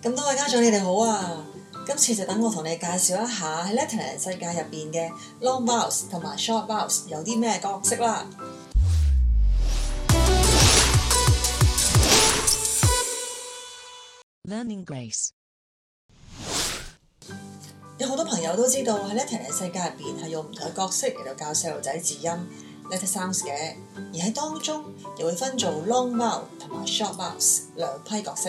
咁多位家長你哋好啊今次就等我同你介紹一下喺 Letterland 世界入邊嘅 long vowels 同埋 short vowels 有啲咩角色啦 Learning Grace 有好多朋友都知道喺 Letterland 世界入邊係用唔同嘅角色嚟到教細路仔字音 letter sounds 嘅而喺當中又會分做 long vowels 同埋 short vowels 兩批角色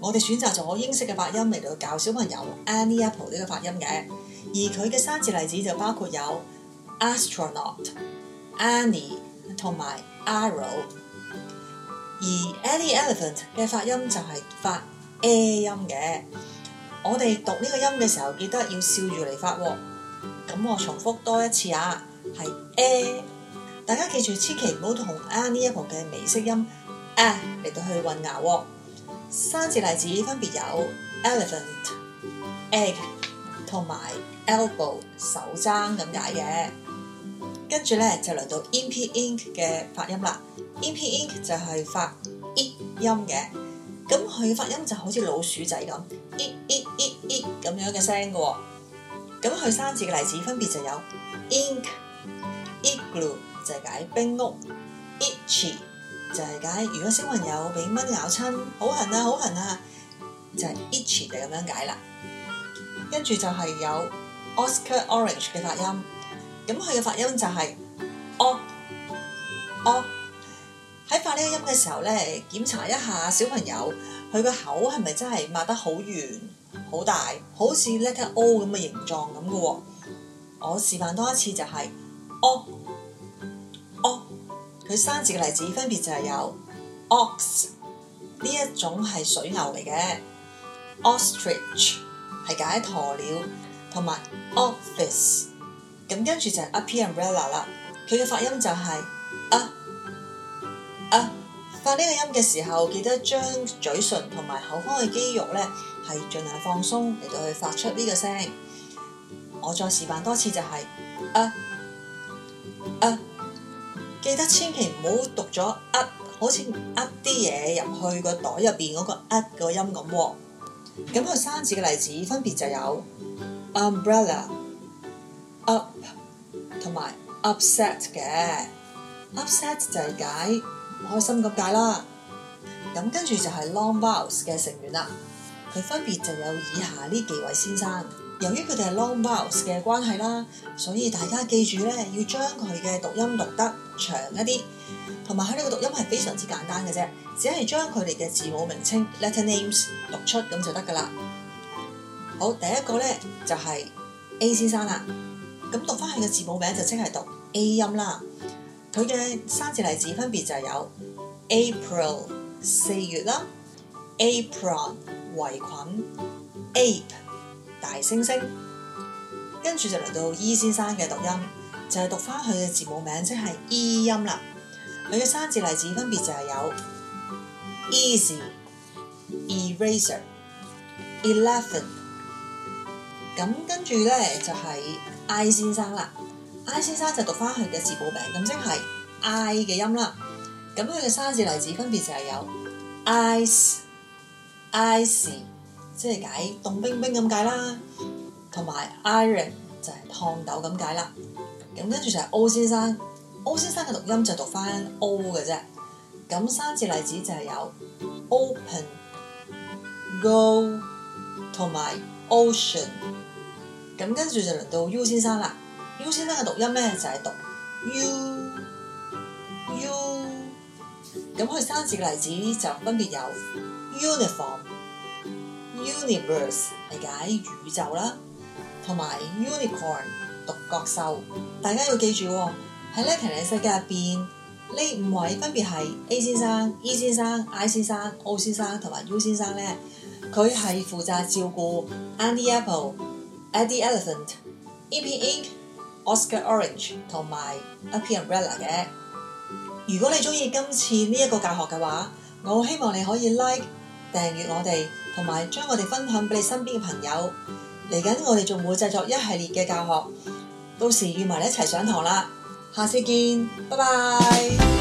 我哋選擇咗英式嘅發音嚟到教小朋友 Annie Apple 呢個發音嘅，而佢嘅生字例子就包括有 Astronaut、Annie 同埋 Arrow。而 Annie Elephant 嘅發音就係發 a 音嘅，我哋讀呢個音嘅時候記得要笑住嚟發喎、哦。咁我重複多一次啊，係 a。大家記住，千祈唔好同 Annie Apple 嘅美式音 a 嚟、啊、到去混淆喎、哦。三字例子分別有 elephant El、egg 同埋 elbow 手踭咁解嘅，跟住咧就嚟到 in p ink 嘅發音啦。in p ink 就係發 e 音嘅，咁佢嘅發音就好似老鼠仔咁 e e e e 咁樣嘅聲嘅。咁佢三字嘅例子分別就有 ink、eagle 就係冰屋、itch。就係解，如果小朋友俾蚊咬親，好痕啊，好痕啊，就係，itchy 就咁樣解啦。跟住就係有 Oscar Orange 嘅發音，咁佢嘅發音就係「哦」。「哦」。喺發呢個音嘅時候咧，檢查一下小朋友佢個口係咪真係擘得好圓、好大，好似 letter O 咁嘅形狀咁嘅。我示範多一次就係「哦」。「哦」。佢生字嘅例子分別就係有 ox 呢一種係水牛嚟嘅，ostrich 係解鴕鳥，同埋 office 咁跟住就係 up, umbrella 啦。佢嘅發音就係啊啊，發呢個音嘅時候，記得將嘴唇同埋口腔嘅肌肉咧係盡量放鬆嚟到去發出呢個聲。我再示範多次就係啊。記得千祈唔好讀咗呃，好似呃啲嘢，入去個袋入邊嗰個呃個音咁。咁個生字嘅例子分別就有 umbrella、up 同埋 upset 嘅。upset 就係解唔開心咁解啦。咁跟住就係 long vowels 嘅成員啦。佢分別就有以下呢幾位先生。由於佢哋係 long vowels 嘅關係啦，所以大家記住咧，要將佢嘅讀音讀得。長一啲，同埋喺呢個讀音係非常之簡單嘅啫，只係將佢哋嘅字母名稱 （letter names） 讀出咁就得噶啦。好，第一個咧就係、是、A 先生啦，咁讀翻佢嘅字母名就即係讀 A 音啦。佢嘅三字例子分別就有 il, April 四月啦 Apron 圍裙，Ape 大猩猩，跟住就嚟到 E 先生嘅讀音。就係讀翻佢嘅字母名，即、就、係、是、E 音啦。佢嘅生字例子分別就係有 easy、eraser、eleven。咁跟住咧就係、是、I 先生啦。I 先生就讀翻佢嘅字母名，咁即係 I 嘅音啦。咁佢嘅生字例子分別就係有 ice、icy，即係解凍冰冰咁解啦，同埋 iron 就係燙斗咁解啦。咁跟住就係 O 先生，O 先生嘅讀音就讀翻 O 嘅啫。咁生字例子就係有 open、go 同埋 ocean。咁跟住就輪到、y、U 先生啦。Y、u 先生嘅讀音咧就係讀 U、U。咁佢生字嘅例子就分別有 uniform、universe，係解宇宙啦，同埋 unicorn。獨角獸，大家要記住喺呢 Letterland 世界入邊，呢五位分別係 A 先生、E 先生、I 先生、先生 O 先生同埋 U 先生咧。佢係負責照顧 Andy Apple、Eddie Elephant、Epic Ink Oscar Orange 同埋 A Pink Umbrella 嘅。如果你中意今次呢一個教學嘅話，我希望你可以 like 訂閱我哋，同埋將我哋分享俾你身邊嘅朋友。嚟緊我哋仲會製作一系列嘅教學。到時預埋你一齊上堂啦，下次見，拜拜。